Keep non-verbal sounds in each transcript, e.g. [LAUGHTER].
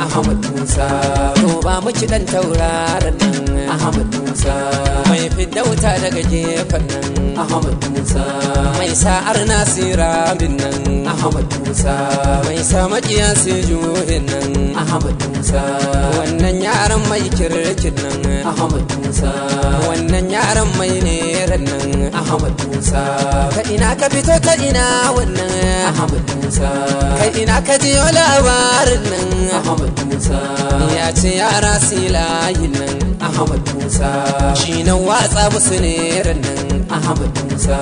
Ahmad Musa Roba miki dan tauraron nan Ahmad Musa Mai fidauta daga jefan nan Ahmad Musa Mai sa'ar Nasira bin nan Ahmad Musa Mai sa maƙiya sai juhin nan Ahmad Musa wannan yaran mai kirkin nan Ahmad Musa wannan yaran mai ne nan Ahmad Musa ka ina ka fito ka ina wannan Ahmad Musa ka ina ka ji labarin nan Ahmad Musa ya ce yara silayin nan Ahmad Musa shi nan watsa musu ne nan Ahmad Musa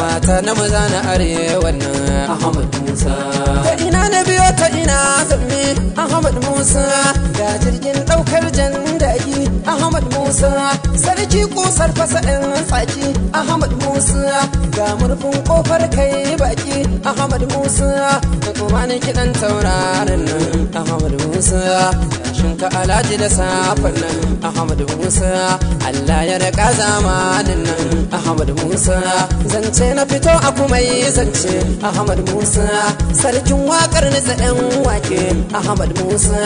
mata na maza na arewa nan Ahmad Musa ka ina ta ina zamme Ahmad Musa ga jirgin daukar jandaki Ahmad Musa sarki kusar fasa in tsaki Ahmad Musa ga murfin kofar kai baki Ahmad Musa ni kiɗan taurarin nan Ahmad Musa ka alaji da safin nan Ahmad Musa Allah ya raka zamanin nan Ahmad Musa Zance na fito a kuma yi zance Ahmad Musa Sarkin wakar na zaɗen wake Ahmad Musa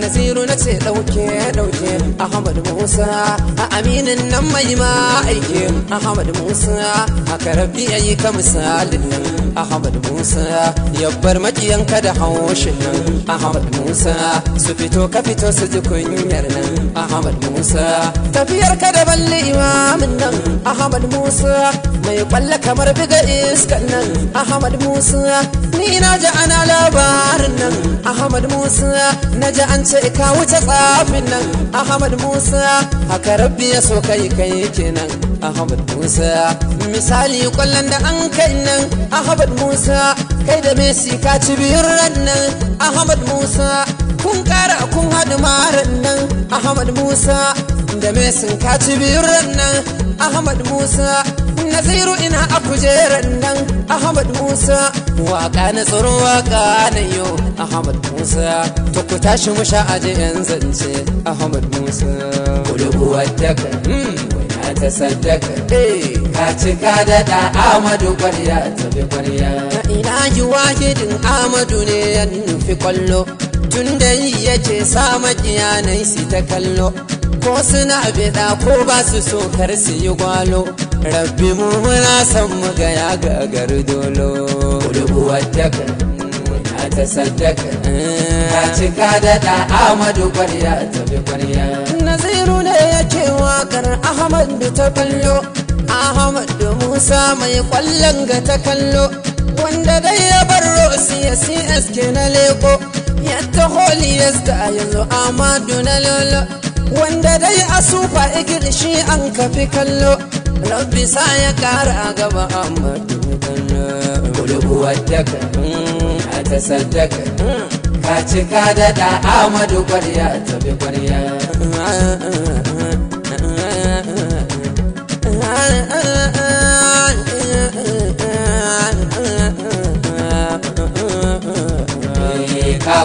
Naziru na ce ɗauke ɗauke Ahmad Musa A aminin nan mai ma aiki Ahmad Musa a karabi ya yi ka misalin nan Ahmad Musa ya bar makiyanka da haushin nan Ahmad Musa su fito ka fito su ji kunyar nan Ahmad Musa tafiyar ka da balli imamin nan Ahmad Musa mai kwalla kamar biga iskan nan Ahmad Musa ni na ji ana labar Ahmad Musa na ji an ce ka wuce tsafin nan Ahmad Musa haka rabbi ya so kai kai kenan Ahmad Musa misali kwallon da an kai nan Ahmad Musa kai da Messi ka ci biyun ran nan Ahmad Musa kun kara kun hadu maran Ahmad Musa da me sun kaci biyun nan Ahmad Musa Na Naziru ina a kujeran nan Ahmad Musa waka na tsaro waka na yo Ahmad Musa to ku tashi mu sha aje yan zance Ahmad Musa kulu kuwaddaka hmm, wani ta saddaka eh, ka ci ka daɗa Ahmadu kwarya bi kwarya ina yi wahidin Ahmadu ne ya nufi kwallo tun dai ya ce sa makiyanai su ta kallo ko suna bida ko ba su so kar su yi gwalo rabbi mu muna san mu ga ya gagar dolo kudubuwar daga muna ta saddaka mm. ta cika da da amadu kwarya ta bi kwarya naziru ne ya ce wakar ahmad bi ta kallo ahmad da musa mai kwallon ga ta kallo wanda dai ya bar rosi ya na leko yadda holiness da yanzu amadu na lolo wanda dai a sufa igir an kafi kallo rabbi sa ya kara gaba amadu kallo kudu daga mm, a ta saddaka mm. ka cika da da amadu kwarya tafi kwarya [LAUGHS] ah, ah, ah.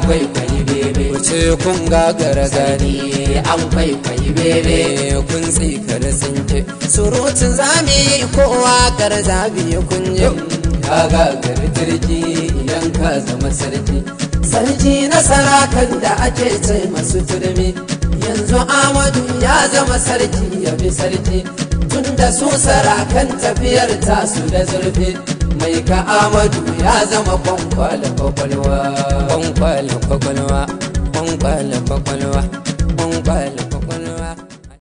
kwaikwayi bebe ce kun gagara gani an kwaikwayi bebe eh, kun tsikar tsinke surutun zami kowa gar zabi kun yi ka gagara jirgi idan ka zama sarki sarki na sarakan da ake ce masu turmi yanzu amadu ya zama sarki ya bi sarki tun da su sarakan tafiyar tasu da zurfi mai ka amadu ya zama kwankwala kwakwalwa kwankwala kwakwalwa kwankwala kwakwalwa kwankwala